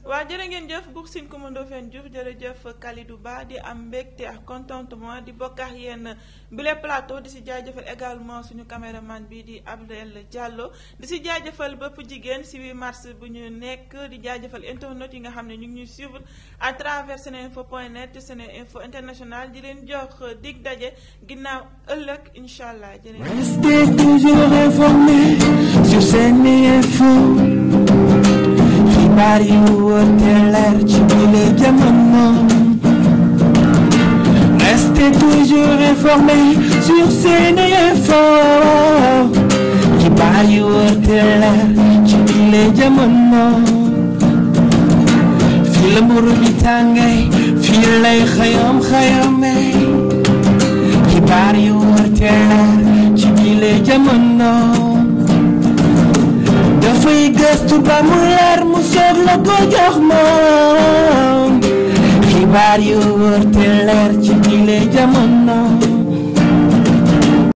waa jërë ngeen jëf Buur Sine Coumba Ndoffène Diouf jërëjëf Kalidou Ba di am mbégte ak contentement di bokk ak yéen bile plateau di si jaajëfal également suñu caméraman bi di Abdel Diallo di si jaajëfal bëpp jigéen si 8 mars bu ñu nekk di jaajëfal internet yi nga xam ne ñu ngi ñuy suivre à travers seneinfo point net seneinfo international di leen jox dig daje ginnaaw ëllëg incha allah jërë xibaar yi wóor te leer ci bile jamono restez toujours informés yi wóor te ci bile jamono fii la mburu fii lay xayam xayamee yi wóor te leer ci bile jamono dafay gëstu ba mu leer mu soog la ko jox moom xibaar yu wër te leer ci bile jamono